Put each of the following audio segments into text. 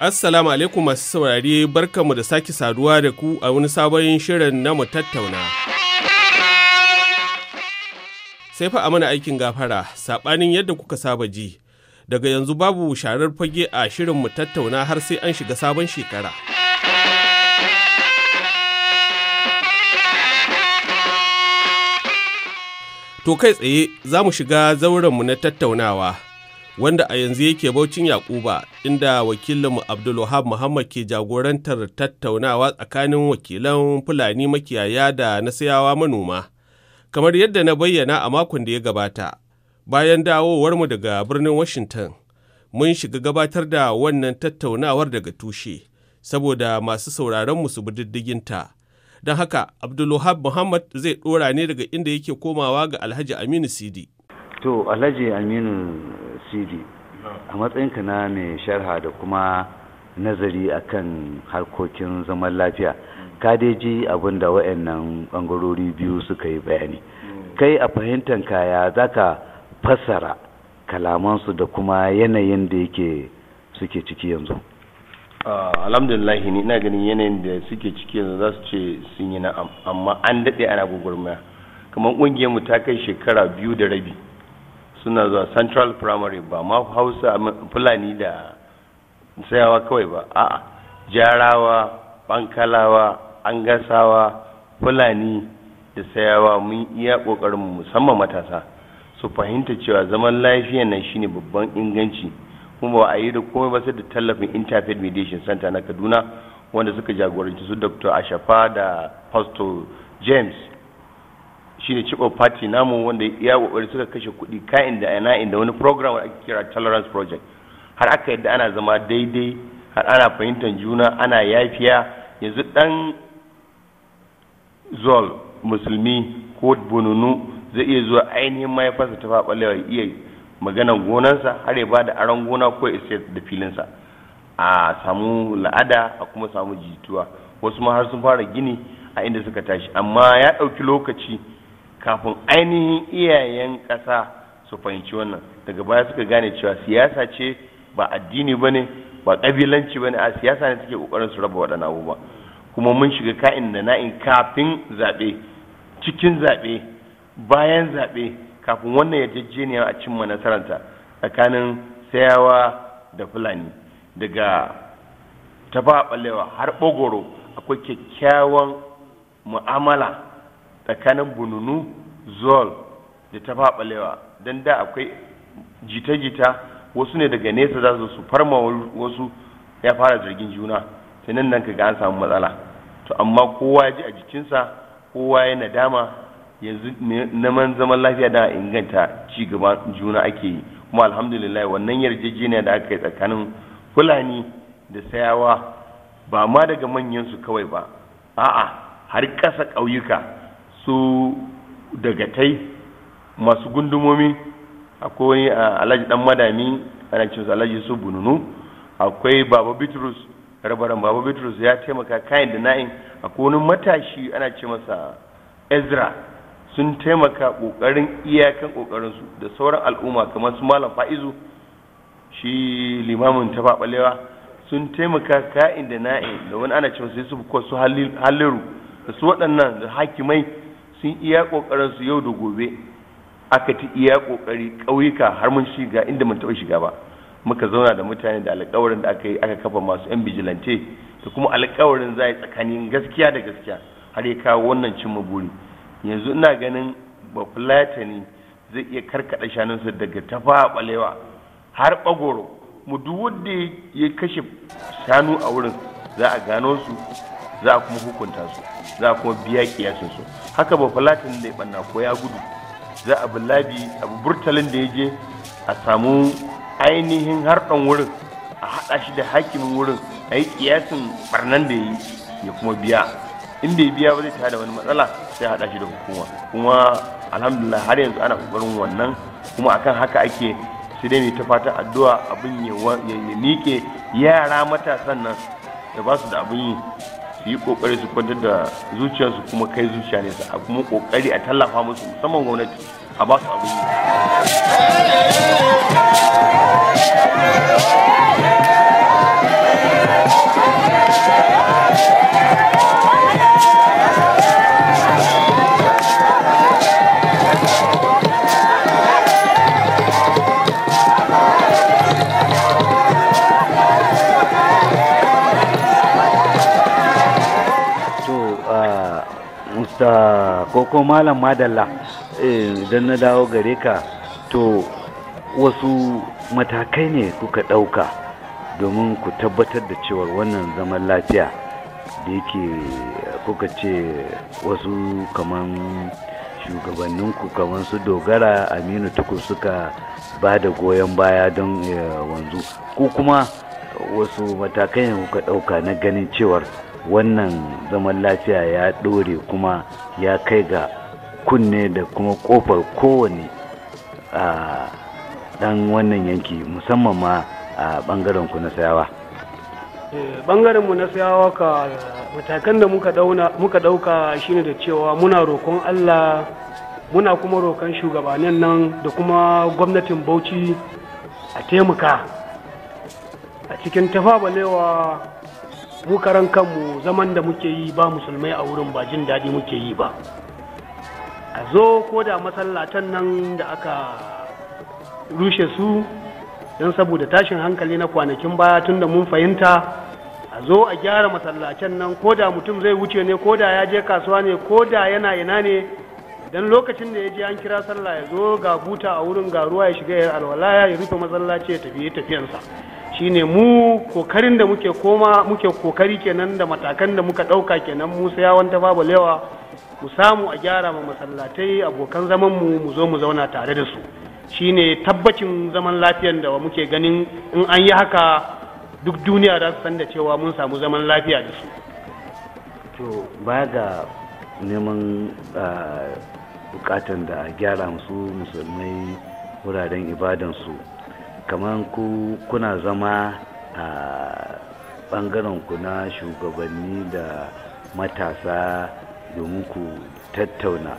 Assalamu alaikum masu saurare barkamu da sake saduwa da ku a wani sabon shirin na mu tattauna. Sai fa a mana aikin gafara, saɓanin yadda kuka saba ji, daga yanzu babu sharar fage a shirin mu tattauna har sai an shiga sabon shekara. To kai tsaye za mu shiga zauren mu na tattaunawa. wanda a yanzu yake Baucin Yakuba inda wakilinmu Abdulwahab Muhammad ke jagorantar tattaunawa tsakanin wakilan Fulani makiyaya da na sayawa manoma. Kamar yadda na bayyana a makon da ya gabata, bayan dawowarmu daga birnin Washington, mun shiga gabatar da wannan tattaunawar daga tushe, saboda masu sauraronmu su bi diddiginta. Don haka, Abdulwahab Muhammad zai ɗora ne daga inda yake komawa ga Alhaji Aminu Sidi. to alhaji aminu sidi a matsayinka na mai sharha da kuma nazari akan harkokin zaman lafiya ka dai ji abin da wa'annan bangarori biyu suka yi bayani kai a fahimtar kaya za ka fassara kalamansu da kuma yanayin da yake suke ciki yanzu alhamdulillah ni ina ganin yanayin da suke ciki yanzu za su ce sun yi na'am amma an daɗe ana gwagwarmaya kamar ƙungiyar mu ta kai shekara biyu da rabi suna zuwa central primary ba ma hausa fulani da tsayawa kawai ba a'a jarawa bankalawa angasawa fulani da tsayawa mun iya kokarin musamman matasa su fahimta cewa zaman lafiya nan shine babban inganci kuma ba a yi da komai ba sai da tallafin interfaith mediation center na kaduna wanda suka jagoranci su dr ashafa da pastor james shine of party namu wanda ya kokari suka kashe kuɗi ka da ana inda wani program da ake kira tolerance project har aka yadda ana zama daidai har ana fahimtar juna ana yafiya yanzu dan zol musulmi ko bununu zai iya zuwa ainihin mahaifarsa ta faɓalewa iya maganan gonansa har ya bada da aron gona ko estate da filinsa a samu la'ada a kuma samu jituwa wasu ma har sun fara gini a inda suka tashi amma ya ɗauki lokaci kafin ainihin iyayen ƙasa su fahimci wannan daga baya suka gane cewa siyasa ce ba addini ba ne ba ƙabilanci ba ne a siyasa ne suke ƙoƙarin su raba waɗannan abubuwa kuma mun shiga ka'in da na'in kafin zaɓe cikin zaɓe bayan zaɓe kafin wannan ya yarjejeniyar a cimma nasararta tsakanin sayawa da fulani daga tafa ɓallewa har ɓogoro akwai kyakkyawan mu'amala tsakanin bununu zol da ta faɓalewa don da akwai jita-jita wasu ne daga nesa za su farma wasu ya fara zargin juna ta nan nan kaga an samu matsala to amma kowa ya ji a jikinsa kowa ya nadama yanzu neman zaman lafiya da inganta ci gaba juna ake yi kuma alhamdulillah wannan yarjejeniya da aka yi tsakanin fulani da sayawa ba ma daga manyan su kawai ba a'a har ƙasa ƙauyuka su dagatai masu gundumomi akwai ah, alhaji dan madami ana ce su alhaji su bununu akwai baba bitrus rabaran baba bitrus ya taimaka kayan da na'in akwai wani matashi ana ce masa ezra sun taimaka kokarin iyakan su da sauran al'umma kamar su malam fa'izu shi limamin ta faɓalewa sun taimaka kayan da na'in da wani ana ce masa su ko su halliru da su waɗannan da hakimai sun iya kokarin su yau da gobe aka ti iya ƙoƙari ƙauyuka har mun shiga inda mun taɓa shiga ba muka zauna da mutane da alƙawarin da aka yi aka kafa masu yan bijilante da kuma alƙawarin za a yi tsakanin gaskiya da gaskiya har ya kawo wannan cin buri yanzu ina ganin ba fulatani zai iya karkaɗa shanunsa daga tafa ɓalewa har ɓagoro mu duk wanda ya kashe shanu a wurin za a gano su za a kuma hukunta su za a kuma biya kiyasin su haka ba falatin da ya banna ko ya gudu za a bi labi abu burtalin da ya je a samu ainihin harɗan wurin a haɗa shi da hakimin wurin a yi kiyasin barnan da ya yi ya kuma biya in ya biya ba zai tare da wani matsala sai a haɗa shi da hukuma kuma alhamdulillah har yanzu ana kokarin wannan kuma akan haka ake sai dai mai ta fata addu'a abin ya niƙe yara matasan nan da ba su da abin yi su yi kokari su kwantar da zuciyarsu kuma kai zuciya ne a kuma kokari a tallafa musu musamman gwamnati a ba su abin yi ko malam madalla eh, idan na dawo gare ka to wasu matakai ne kuka ɗauka domin ku tabbatar da cewa wannan zaman lafiya da yake kuka ce wasu kaman shugabanninku kamar su dogara aminu tuku suka ba da goyon baya don eh, wanzu ko kuma wasu matakai ne kuka ɗauka na ganin cewar wannan zaman lafiya ya ɗore kuma ya kai ga kunne da kuma ƙofar kowane a ɗan wannan yanki musamman ma a ɓangaren ku na sayawa eh, ɓangaren mu na sayawa ka matakan da muka ɗauka shine da cewa muna roƙon allah muna kuma roƙon shugabanin nan da kuma gwamnatin bauchi a taimaka a cikin tafabalewa mu karan kanmu zaman da muke yi ba musulmai a wurin ba jin daɗi muke yi ba a zo ko da masallatan nan da aka rushe su don saboda tashin hankali na kwanakin baya tun da mun fahimta a zo a gyara masallacen nan ko da mutum zai wuce ne ko da ya je kasuwa ne ko da yana ina ne idan lokacin da ya je an kira sallah ya zo ga buta a wurin ga ruwa ya shiga ya alwala ya rufe masallaci ya tafi tafiyansa shine mu kokarin da muke koma muke kokari kenan da matakan da muka ɗauka kenan mu yawan ta babu lewa mu samu a gyara ma masallatai abokan zaman mu mu zo mu zauna tare da su shine tabbacin zaman lafiyan da muke ganin in an yi haka duk duniya za su san da cewa mun samu zaman lafiya da su to baya ga neman bukatan da gyara musu musulmai wuraren ibadansu kamar ku kuna zama a bangaren ku na shugabanni da matasa domin ku tattauna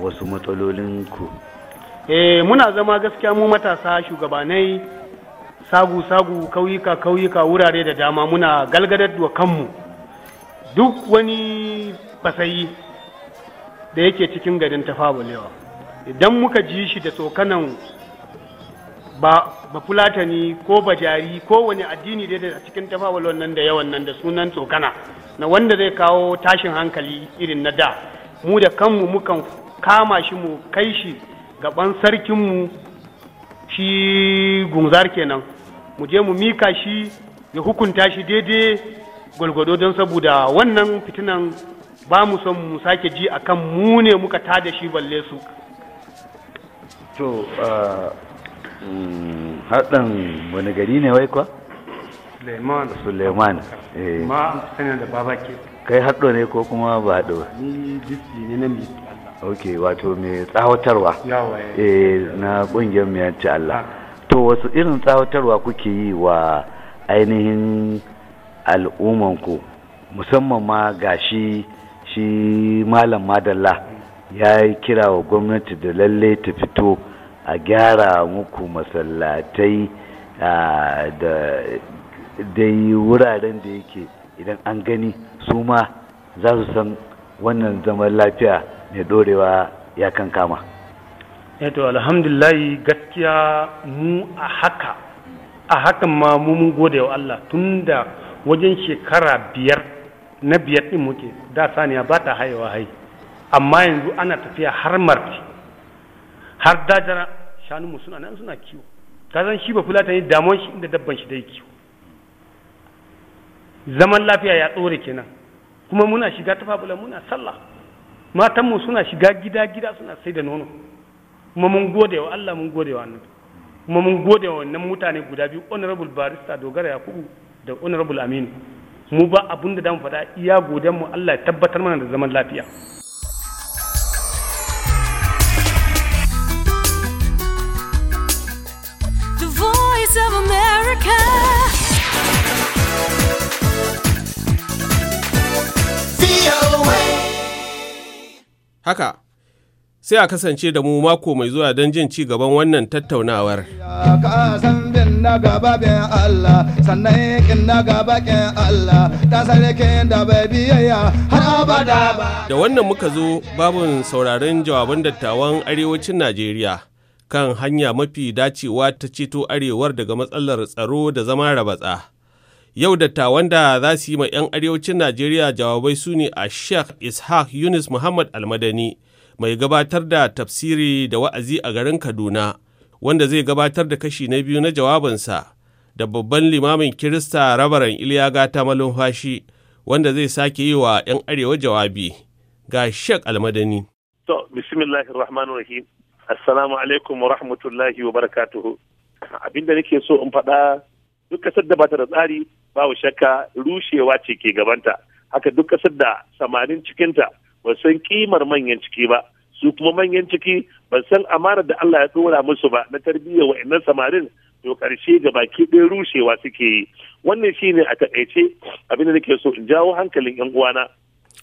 wasu matsalolin ku eh muna zama gaskiya mu matasa shugabanai sagu-sagu kauyuka kauyuka wurare da dama muna galgadar wa kanmu duk wani fasayi da yake cikin garin tafabulewa idan muka ji shi da tsokanan ba bafulatani ko bajari ko wani addini da a cikin tafawalon nan da yawan nan da sunan tsokana na wanda zai kawo tashin hankali irin na da mu da kanmu mukan kama shi mu kai shi gaban sarkinmu shi gunzar kenan mu je mu mika shi ya hukunta shi daidai gwalgwado don saboda wannan fitinan ba mu son mu sake ji akan mu ne muka tada shi balle su ah, haɗin wani gari ne wai kwa. suleiman suleiman eh. ma sanin da baba ke kai haɗo ne ko kuma ba haɗo ba ni ne na mi ok wato mai tsawatarwa eh. eh na ƙungiyar mai Allah to wasu irin tsawatarwa kuke yi wa ainihin al'ummanku musamman ma ga shi malam madalla ya yi kira wa gwamnati da lalle ta fito a gyara muku masallatai da dai wuraren da yake idan an gani su ma za su san wannan zaman lafiya mai dorewa ya kan kama. yato eh alhamdulillahi gaskiya mu a haka a hakan ma mu mun gode wa Allah tunda wajen shekara biyar na biyar din muke da saniya ba ta haihuwa hai amma yanzu ana tafiya har marti har dajara shanunmu suna nan suna kiwo ka san shi ba fulata ne damuwan shi inda dabban shi dai kiwo zaman lafiya ya tsore kenan kuma muna shiga tafabula muna sallah matanmu suna shiga gida gida suna sai da nono kuma mun gode wa Allah mun gode wa annabi kuma mun gode wa wannan mutane guda biyu honorable barista dogara yakubu da honorable aminu mu ba abun da damu faɗa iya godanmu mu Allah ya tabbatar mana da zaman lafiya Haka, sai a kasance da mu mako mai zuwa don jin ci gaban wannan tattaunawar. Da wannan muka zo babu sauraron jawaban dattawan arewacin Najeriya kan hanya mafi dacewa ta ceto arewar daga matsalar tsaro da zama rabatsa. Yau dattawan da za su yi ma 'yan arewacin Najeriya jawabai su ne a Sheikh Ishaq Yunus Muhammad Almadani, mai gabatar da tafsiri da wa'azi a garin Kaduna, wanda zai gabatar da kashi na biyu na jawabinsa, da babban limamin Kirista Rabaran Iliya Gata Malumfashi, wanda zai sake yi wa 'yan arewa jawabi. Ga Sheikh Almadani. To, rahim. Assalamu alaikum wa rahmatullahi wa barakatuhu. Abinda nake so in faɗa duk kasar da ba ta da tsari babu shakka rushewa ce ke gabanta haka duk ƙasar da samanin cikinta ba san kimar manyan ciki ba su kuma manyan ciki ba san amara da Allah ya ɗora musu ba na tarbiyyar wa'annan samarin to ƙarshe ga baki ɗaya rushewa suke yi wannan shine a takaice abin da nake so in jawo hankalin yan uwana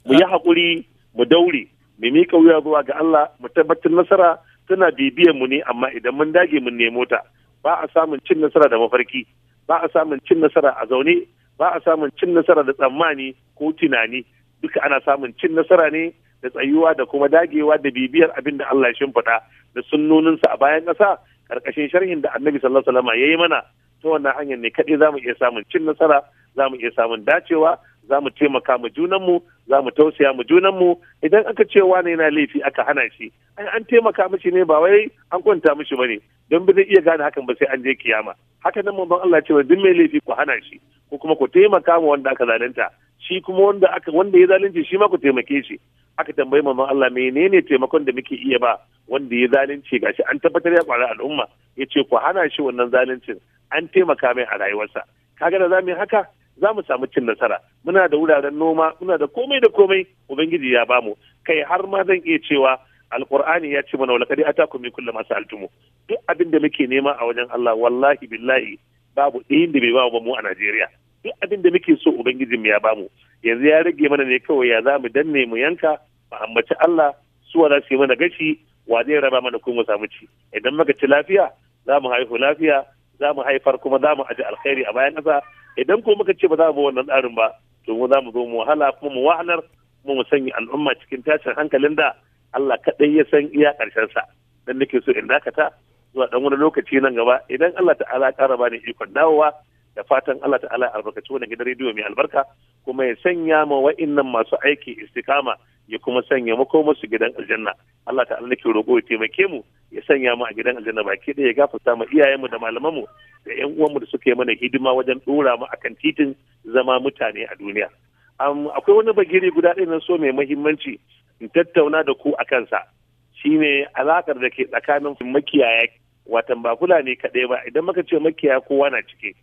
mu yi haƙuri mu daure mu miƙa wuya zuwa ga Allah mu tabbatar nasara tana bibiyar mu ne amma idan mun dage mun nemo ta ba a samun cin nasara da mafarki ba a samun cin nasara a zaune ba a samun cin nasara da tsammani ko tunani duka ana samun cin nasara ne da tsayuwa da kuma dagewa da bibiyar abin da Allah ya shimfiɗa da sunnoninsa a bayan ƙasa ƙarƙashin sharhin da annabi sallallahu alaihi wasallam ya yi mana ta wannan hanyar ne kaɗai za mu iya samun cin nasara za mu iya samun dacewa za mu taimaka mu junanmu za mu tausaya mu junanmu idan aka ce ne yana laifi aka hana shi an taimaka mishi ne ba wai an kwanta mishi bane don ba zai iya gane hakan ba sai an je kiyama haka nan mun Allah cewa duk mai laifi ku hana shi ko kuma ku taimaka ma wanda aka zalunta shi kuma wanda aka wanda ya zalunce shi ma ku taimake shi aka tambayi mun Allah menene taimakon da muke iya ba wanda ya zalunce gashi an tabbatar ya kwara al'umma yace ku hana shi wannan zaluncin an taimaka mai a rayuwarsa kaga da zamu haka za mu samu cin nasara muna da wuraren noma muna da komai da komai ubangiji ya bamu kai har ma zan iya cewa alqur'ani ya ce mana wala kadi atakum min kulli ma sa'altumu duk abin da muke nema a wajen Allah wallahi billahi babu ɗayan da bai ba mu a Najeriya duk abin da muke so ubangijin mu ya bamu yanzu ya rage mana ne kawai ya za mu danne mu yanka mu ambaci Allah suwa za su yi mana gashi wa zai raba mana kuma samu ci idan muka ci lafiya za mu haihu lafiya za mu haifar kuma za mu aji alkhairi a bayan ƙasa idan kuma muka ce ba za mu wannan tsarin ba to mu za mu zo mu wahala kuma mu wahalar kuma mu sanya al'umma cikin tashin hankalin da Allah kaɗai ya san iya sa. dan nake so in dakata zuwa ɗan wani lokaci nan gaba idan Allah ta'ala ƙara bani ikon dawowa da fatan Allah ta'ala albarkaci wannan gidan rediyo mai albarka kuma ya sanya ma wa'innan masu aiki istikama ya kuma sanya mako musu gidan aljanna Allah ta'ala nake roƙo ya taimake mu ya sanya mu a gidan aljanna baki ɗaya ya gafarta mu iyayenmu da mu. da ƴan uwanmu da suka mana hidima wajen ɗora mu akan titin zama mutane a duniya akwai wani bagiri guda ɗaya na so mai mahimmanci. in tattauna da ku a kansa Shi ne alakar da ke tsakanin makiyaya watan ba ne kaɗai ba idan muka ce makiyaya kowa na cike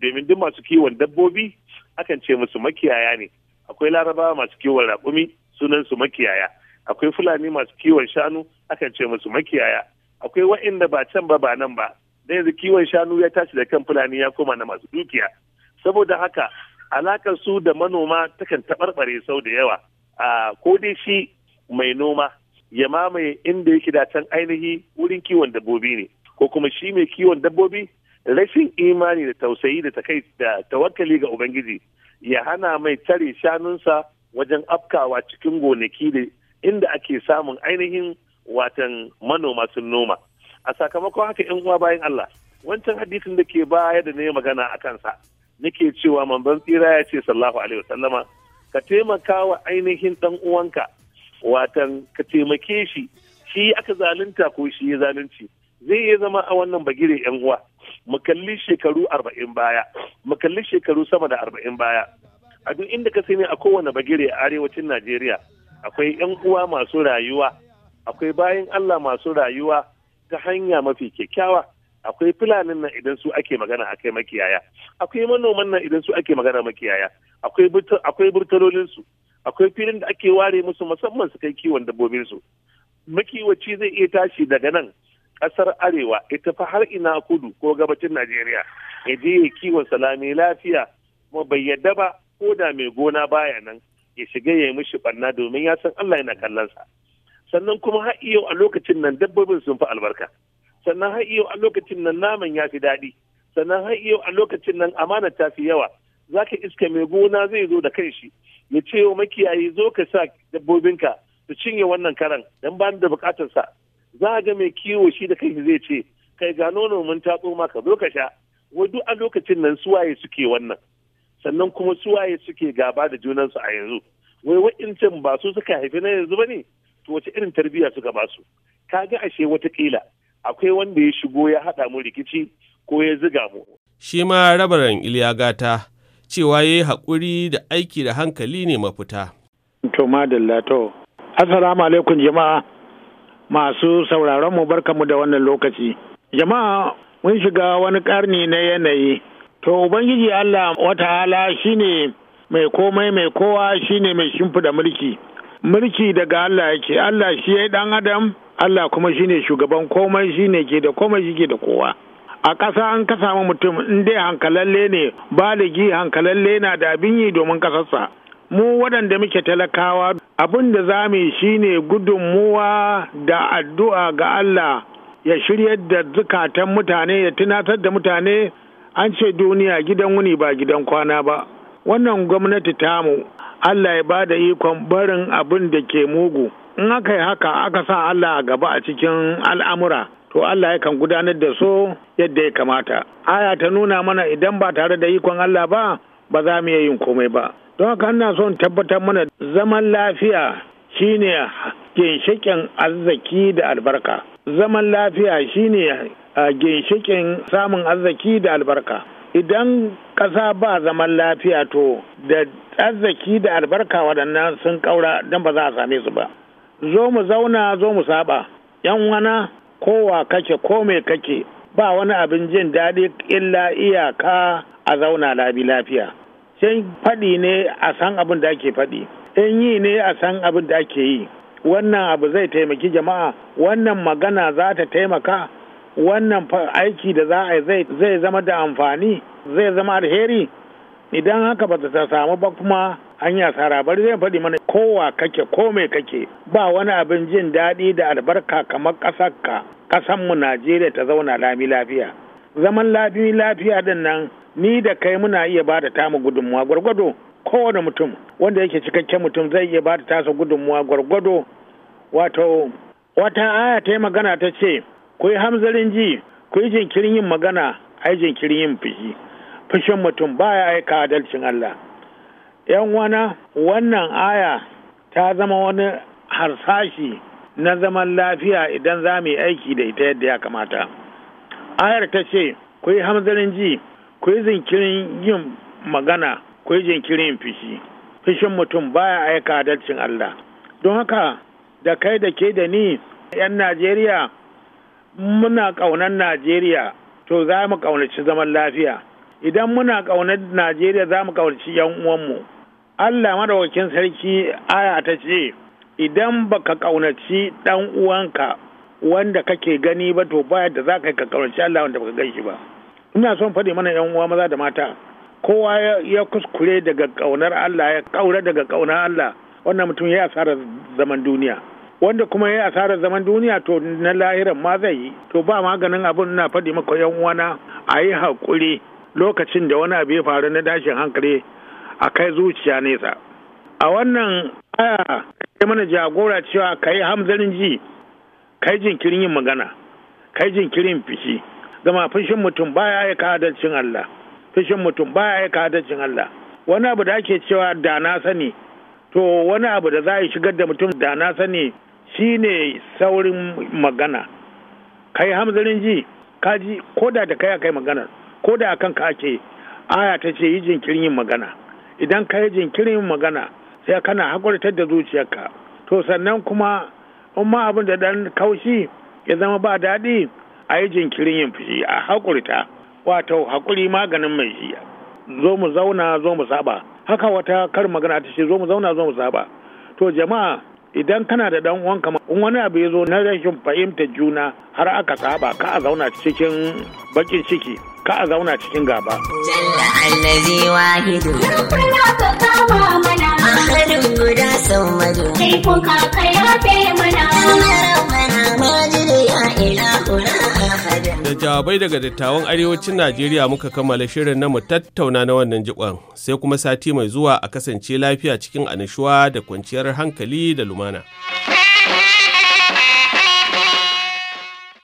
domin duk masu kiwon dabbobi akan ce musu makiyaya ne akwai larabawa masu kiwon raƙumi sunan su makiyaya akwai fulani masu kiwon shanu akan ce musu makiyaya akwai wa'inda ba can ba ba nan ba da yanzu kiwon shanu ya tashi da kan fulani ya koma na masu dukiya saboda haka alakar su da manoma takan taɓarɓare sau da yawa ah, ko dai shi mai noma ya mamaye inda yake da can ainihi wurin kiwon dabbobi ne ko kuma shi mai kiwon dabbobi rashin imani da tausayi da takai da tawakkali ga ubangiji ya hana mai tare shanunsa wajen afkawa cikin gonaki da inda ake samun ainihin watan manoma sun noma a sakamakon haka yan uwa bayan Allah wancan hadisin da ke baya da ne magana a kansa nake cewa manzon tsira ya ce sallahu alaihi wasallama ka taimaka wa ainihin dan uwanka watan ka taimake shi shi aka zalunta ko shi ya zalunci zai iya zama a wannan bagire yan uwa mu kalli shekaru arba'in baya mu kalli shekaru sama da arba'in baya a duk inda ka sani a kowane bagire a arewacin najeriya akwai yan uwa masu rayuwa akwai bayan allah masu rayuwa ta hanya mafi kyakkyawa akwai fulanin nan idan su ake magana akai makiyaya akwai manoman nan idan su ake magana makiyaya akwai burtalolinsu akwai filin da ake ware musu musamman su kai kiwon dabbobin su makiwaci zai iya tashi daga nan kasar arewa ita fa har ina kudu ko gabacin najeriya ya je ya kiwon salami lafiya kuma bai yadda ba ko da mai gona baya nan ya shiga ya yi mishi barna domin ya san allah yana sa sannan kuma har iyo a lokacin nan dabbobin sun fi albarka sannan har iyo a lokacin nan naman ya fi daɗi sannan har iyo a lokacin nan amana ta fi yawa zaka iska mai gona zai zo da kanshi ya ce wa makiyayi zo ka sa dabbobinka su cinye wannan karan dan ba da bukatar sa za ga mai kiwo shi da kai zai ce kai ga nono mun tatso maka zo ka sha wai duk a lokacin nan suwaye suke wannan sannan kuma suwaye suke gaba da junansu a yanzu wai wa'incan ba su suka haifi na yanzu ba ne to wace irin tarbiyya suka ba su Ka ga ashe watakila akwai wanda ya shigo ya haɗa mu rikici ko ya ziga mu. shi ma rabaran iliya gata cewa ya yi haƙuri da aiki da hankali ne mafita. To madalla to. Assalamu alaikum jama'a masu sauraron mu mu da wannan lokaci. Jama'a mun shiga wani ƙarni na yanayi. To Ubangiji Allah wata wata'ala shine mai komai mai kowa shine mai shimfiɗa mulki. Mulki daga Allah yake, Allah shi ya yi ɗan adam, Allah kuma shine shugaban komai shine ke da komai shi da kowa. a ƙasa an ka samu mutum in dai hankalalle ne baligi hankalalle na da abin yi domin ƙasarsa mu waɗanda muke talakawa abin da za mu yi shine gudunmuwa da addu'a ga Allah ya shirya da zukatan mutane ya tunatar da mutane an ce duniya gidan wuni ba gidan kwana ba wannan gwamnati tamu Allah ya bada ikon barin abin da ke mugu in aka yi haka aka sa Allah a gaba a cikin al'amura to Allah yakan gudanar da so yadda ya kamata aya ta nuna mana idan ba tare da ikon Allah ba ba za mu yin komai ba don haka ina son tabbatar mana zaman lafiya shine ginshikin arziki da albarka zaman lafiya shine ginshikin samun arziki da albarka idan ƙasa ba zaman lafiya to da arziki da albarka waɗannan sun ƙaura don ba za a same su ba zo mu zauna zo mu saba yan wana kowa kake ko mai kake ba wani abin jin daɗi illa iyaka a zauna labi lafiya sai faɗi ne a san abin da ake faɗi in yi ne a san abin da ake yi wannan abu zai taimaki jama'a wannan magana za ta taimaka wannan aiki da za a yi zai zama da amfani zai zama alheri idan haka ba ta samu ba kuma hanya sara bari zai faɗi mana kowa kake ko mai kake ba wani abin jin daɗi da albarka kamar ƙasarka ƙasanmu najeriya ta zauna lami lafiya zaman lami lafiya din nan ni da kai muna iya ba da tamu gudunmuwa gwargwado kowane mutum wanda yake cikakken mutum zai iya ba da tasa gudunmuwa gwargwado wato wata aya ta yi magana ta ce ku yi hamzarin ji ku yi jinkirin yin magana ai jinkirin yin fushi fushin mutum baya aika adalcin Allah 'yan wana wannan aya ta zama wani harsashi na zaman lafiya idan za mu yi aiki da ita yadda ya kamata ayar ta ce ku yi hamzarin ji ku yi zinkirin yin magana ku yi jinkirin fishi fishin mutum baya aika adalcin Allah don haka da kai da ke da ni 'yan Najeriya muna ƙaunar Najeriya to za mu ƙaunaci zaman lafiya idan muna ƙaunar Najeriya za mu ƙaunaci 'yan uwanmu. Allah madawakin sarki aya ta ce idan ba ka ƙaunaci ɗan uwanka wanda kake gani ba to baya da za ka ka ƙaunaci Allah wanda baka gan shi ba ina son faɗi mana yan uwa maza da mata kowa ya kuskure daga ƙaunar Allah ya ƙaura daga ƙaunar Allah wannan mutum ya asarar zaman duniya wanda kuma ya asarar zaman duniya to na lahiran ma zai yi to ba maganin abin na faɗi maka yan uwana a yi haƙuri lokacin da wani abu ya faru na dashin hankali a kai zuciya nesa a wannan aya kai mana jagora cewa ka yi hamzarin ji kai jinkirin yin magana kai jinkirin fishi gama fishin mutum baya ya kadalcin Allah fishin mutum baya ya kadalcin Allah wani abu da ake cewa da na sani to wani abu da za a shigar da mutum da na sani shine saurin magana kai hamzarin ji kaji ko da da kai kai magana ko da akan ka ake aya ta ce yi jinkirin yin magana idan ka yi jinkirin magana sai kana hakurtar da zuciyarka to sannan kuma in ma abin da dan kaushi ya zama ba daɗi a yi jinkirin yin fushi a hakurta wato hakuri maganin mai shi zo mu zauna zo mu saba haka wata kar magana ta ce zo mu zauna zo mu saba to jama'a idan kana da dan kamar in wani abu ya zo na rashin fahimtar juna har aka saba ka a zauna cikin bakin ciki ka a zauna cikin gaba. Jalla allazi wahidu. Rukuna ka kama mana. Ahadun guda sau madu. Laifin ka yafe mana. Rabbana majidu ya ilahuna ahadun. Da jawabai daga dattawan arewacin Najeriya muka kammala shirin na mu tattauna na wannan jikon sai kuma sati mai zuwa a kasance lafiya cikin anishuwa da kwanciyar hankali da lumana.